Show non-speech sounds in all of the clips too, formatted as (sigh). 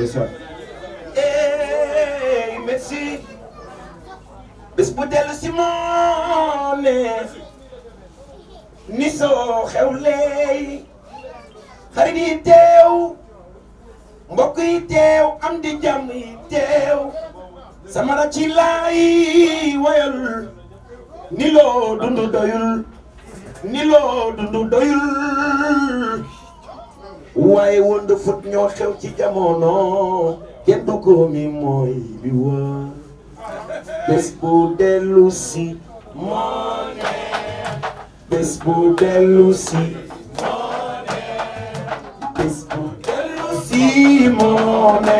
ndeysaan ey merci bu dellu si moom ni soo xewley xarit yi teew mbokk yi teew am di jàmm yi teew samara ci laay wayal ni loo dundu doyul ni loo dundu doyul waaye woon de fut ci jamono kenn du ko mi mooy bi waa bés si moone bés bu moone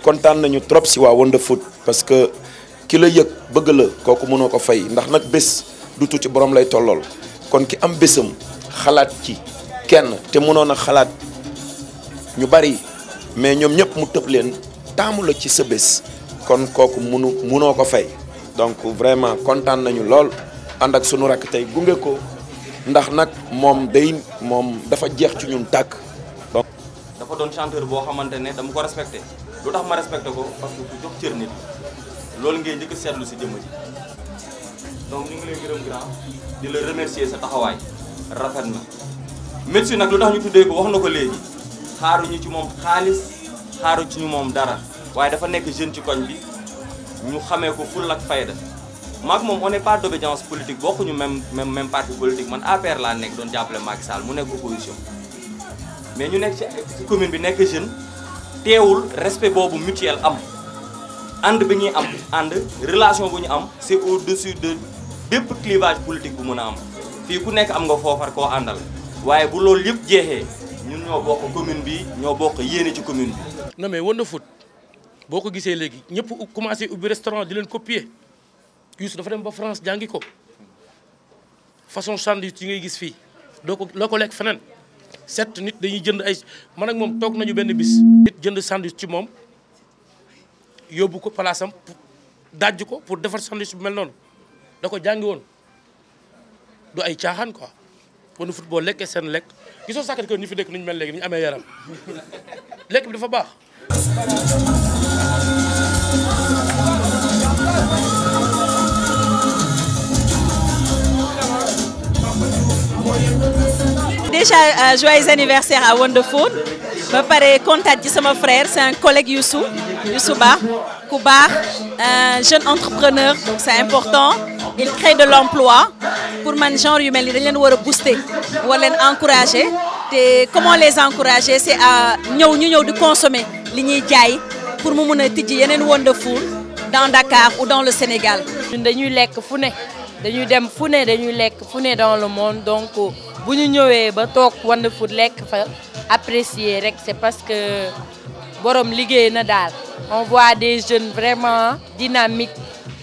kontan wonderful, pas nañu trop ci wa Wonder Food parce que ki la yek bëgg la koku mëno ko fay ndax nak du borom lay tollol kon ki am xalaat ci kenn te mënoon a xalaat ñu bari mais ñom ñëpp mu tepp leen tamul ci sa bëss kon koku mënu mëno ko fay donc vraiment kontaan nañu lool and ak suñu rak tay gungé ko ndax nak mom day mom dafa jeex ci ñun tak donc dafa don chanteur bo xamantene dama ko respecté lutax ma respecté ko parce que ku jox cër nit lool ngay njëkk sétlu ci jëmm ji donc ñu ngi lay gërëm grand di le remercier sa taxaway rafetna médecine nag lu tax ñu tuddee ko wax na ko léegi xaaruñu ci moom xaalis xaaru ci ñu moom dara waaye dafa nekk jeune ci koñ bi ñu xamee ko ful ak fayda maak moom on n'est pas d'obédience politique bokkuñu même même même parti politique man APR laa nekk doon jàppale Macky Sall mu nekk opposition mais ñu nekk ci commune bi nekk jeune teewul respect boobu mutuel am ànd bi ñuy am ànd relation bu ñu am c'est au-dessus de bépp clivage politique bu mun a am fii ku nekk am nga foofar koo àndal waaye bu loolu yëpp jeexee ñun ñoo bokk commune bi ñoo bokk yéene ci commune bi. non mais Wonder Food boo ko gisee léegi ñëpp commencé ubbi restaurant di leen copier Youssou dafa dem ba France jàngi ko façon sandwich yi ngay gis fii doo ko ko lekk feneen certes nit dañuy jënd ay man ak moom toog nañu benn bis. nit jënd sandwich ci moom yóbbu ko palaasam dajj ko pour defar sandwich bu mel noonu da ko jàngi woon du ay caaxaan ko le football lek sen Qui sont sakat ko ñu fi dekk nu ñu mel léegi ni ñu amee yaram lek bi dafa bax déjà euh, joyeux anniversaire à Wonderful ba le contact de mon frère c'est un collègue Youssou Youssou Ba un jeune entrepreneur c'est important il crée de l'emploi pour man genre yu mel ni dañ leen wara booster war leen encourager té comment les encourager c'est à ñëw ñu ñëw di consommer li ñi jaay pour mu mëna a tijji yeneen Wonder dans Dakar ou dans le Sénégal. ñun dañuy lekk fu ne dañuy dem fu ne dañuy lekk fu dans le monde donc bu ñu ñëwé ba tok Wonderful Food fa apprécier rek c'est parce que borom liggéey na dal on voit des jeunes vraiment dynamiques.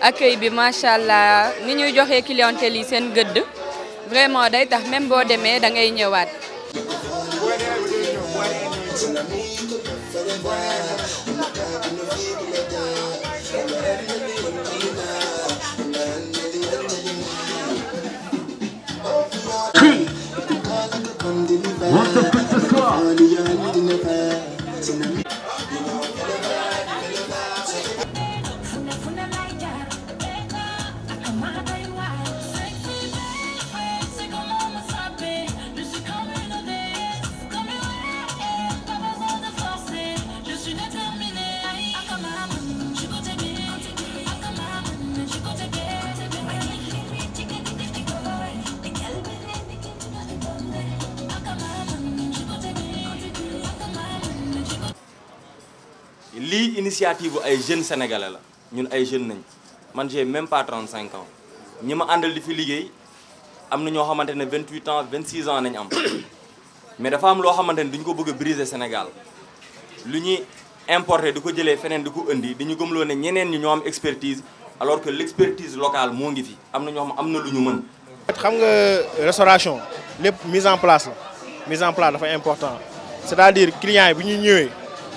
accueil bi machallah ni ñuy joxee clientèle yi seen gëdd vraiment day tax même bo démé da ngay ñëwaat. lii initiative ay jeunes sénégalais la ñun ay jeunes nañ man j'ai même pas 35 ans ñima ma di fi liggéey amna ño ñoo 28 ans 26 ans nañ am (coughs) mais dafa am lo xamante duñ ko bëgg briser Sénégal lu ñuy importer di ko jëlee feneen di ko indi di ñu gëmloo ne ñeneen ñi ñoo am expertise alors que l'expertise locale mo ngi fi amna ño amna xam am lu ñu mën. xam nga restauration lépp mise en place la mise en place dafa important c'est-à-dire client yi bu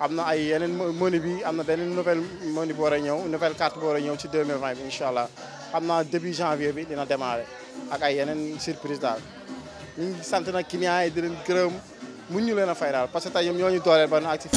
am na ay yeneen menu bi am na beneen nouvelle menu bu war a ñëw nouvelle carte bu war a ñëw ci 2020 bi incha allah xam naa début janvier bi dina démarrer ak ay yeneen surprise daal ñu ngi sant nag clients yi di leen gërëm mun ñu leen a fay daal parce que tey ñoom ñoo ñu dooleel ba na actif